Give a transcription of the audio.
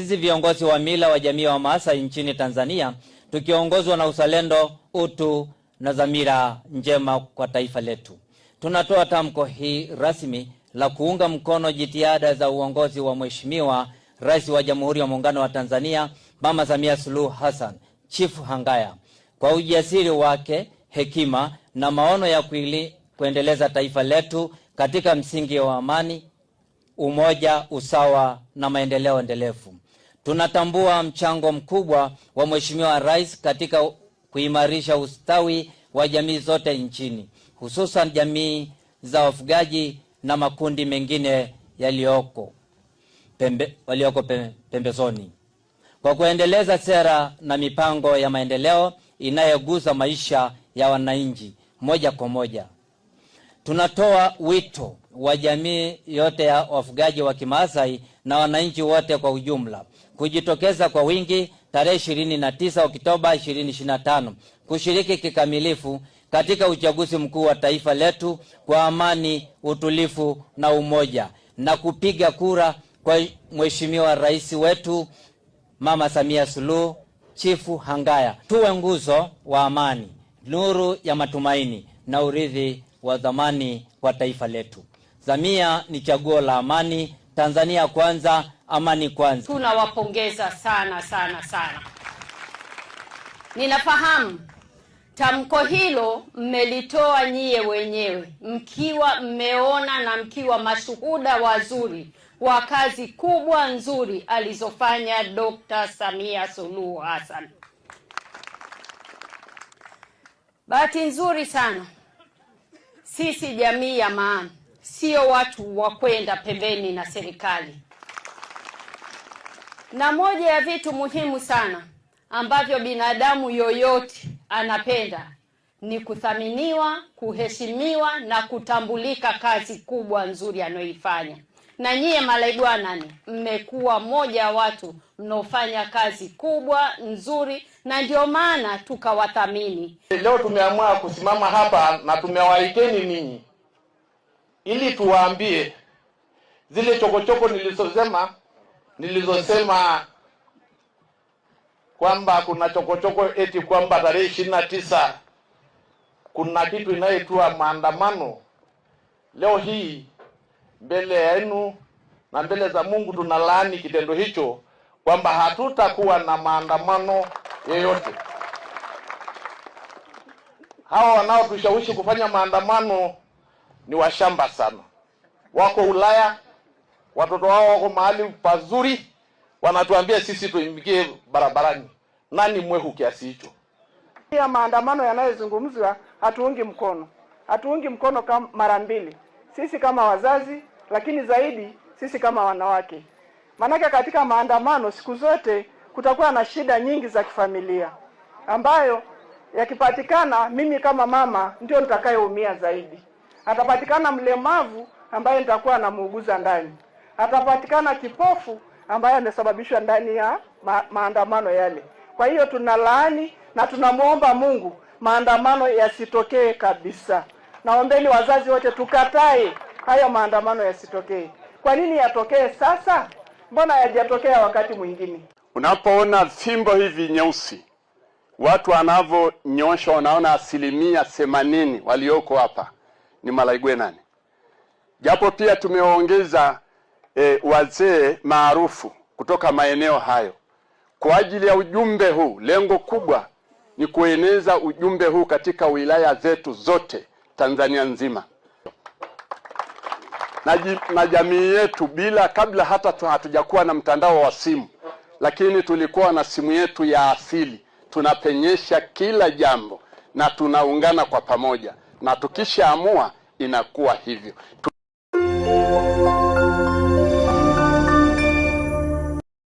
Sisi viongozi wa mila wa jamii wa Maasai nchini Tanzania tukiongozwa na uzalendo, utu na dhamira njema kwa taifa letu, tunatoa tamko hii rasmi la kuunga mkono jitihada za uongozi wa Mheshimiwa Rais wa Jamhuri ya Muungano wa Tanzania Mama Samia Suluhu Hassan Chifu Hangaya kwa ujasiri wake, hekima na maono ya kuili, kuendeleza taifa letu katika msingi wa amani, umoja, usawa na maendeleo endelevu. Tunatambua mchango mkubwa wa Mheshimiwa Rais katika kuimarisha ustawi wa jamii zote nchini, hususan jamii za wafugaji na makundi mengine yaliyoko pembe, walioko pembezoni kwa kuendeleza sera na mipango ya maendeleo inayogusa maisha ya wananchi moja kwa moja. Tunatoa wito wa jamii yote ya wafugaji wa Kimaasai na wananchi wote kwa ujumla kujitokeza kwa wingi tarehe 29 Oktoba 2025 kushiriki kikamilifu katika uchaguzi mkuu wa taifa letu kwa amani, utulifu na umoja na kupiga kura kwa Mheshimiwa Rais wetu Mama Samia Suluhu Chifu Hangaya. Tuwe nguzo wa amani, nuru ya matumaini na urithi wa dhamani kwa taifa letu. Samia ni chaguo la amani. Tanzania kwanza, amani kwanza. Tunawapongeza sana sana sana. Ninafahamu tamko hilo mmelitoa nyie wenyewe mkiwa mmeona na mkiwa mashuhuda wazuri wa kazi kubwa nzuri alizofanya Dr. Samia Suluhu Hassan. Bahati nzuri sana sisi jamii ya maana sio watu wa kwenda pembeni na serikali. Na moja ya vitu muhimu sana ambavyo binadamu yoyote anapenda ni kuthaminiwa, kuheshimiwa na kutambulika kazi kubwa nzuri anayoifanya. Na nyiye malaigwanani, mmekuwa moja ya watu mnaofanya kazi kubwa nzuri, na ndio maana tukawathamini. Leo tumeamua kusimama hapa na tumewaiteni ninyi ili tuwaambie zile chokochoko nilizosema nilizosema kwamba kuna chokochoko eti kwamba tarehe ishirini na tisa kuna kitu inayetua maandamano. Leo hii mbele yenu na mbele za Mungu tunalaani kitendo hicho, kwamba hatutakuwa na maandamano yoyote. Hawa wanaotushawishi kufanya maandamano ni washamba sana, wako Ulaya, watoto wao wako mahali pazuri, wanatuambia sisi tuingie barabarani. Nani mwehu kiasi hicho? ya maandamano yanayozungumzwa hatuungi mkono, hatuungi mkono kama mara mbili, sisi kama wazazi, lakini zaidi sisi kama wanawake, maanake katika maandamano siku zote kutakuwa na shida nyingi za kifamilia ambayo yakipatikana, mimi kama mama ndio nitakayeumia zaidi atapatikana mlemavu ambaye nitakuwa anamuuguza ndani, atapatikana kipofu ambaye amesababishwa ndani ya ma maandamano yale. Kwa hiyo tunalaani na tunamwomba Mungu maandamano yasitokee kabisa. Naombeni wazazi wote tukatae hayo maandamano yasitokee. Kwa nini yatokee sasa? Mbona yajatokea wakati mwingine? Unapoona fimbo hivi nyeusi watu wanavyonyosha, wanaona asilimia themanini walioko hapa ni Malaigwe nane, japo pia tumewaongeza e, eh, wazee maarufu kutoka maeneo hayo kwa ajili ya ujumbe huu. Lengo kubwa ni kueneza ujumbe huu katika wilaya zetu zote Tanzania nzima na jamii yetu, bila kabla hata hatujakuwa na mtandao wa simu, lakini tulikuwa na simu yetu ya asili, tunapenyesha kila jambo na tunaungana kwa pamoja na tukishaamua inakuwa hivyo.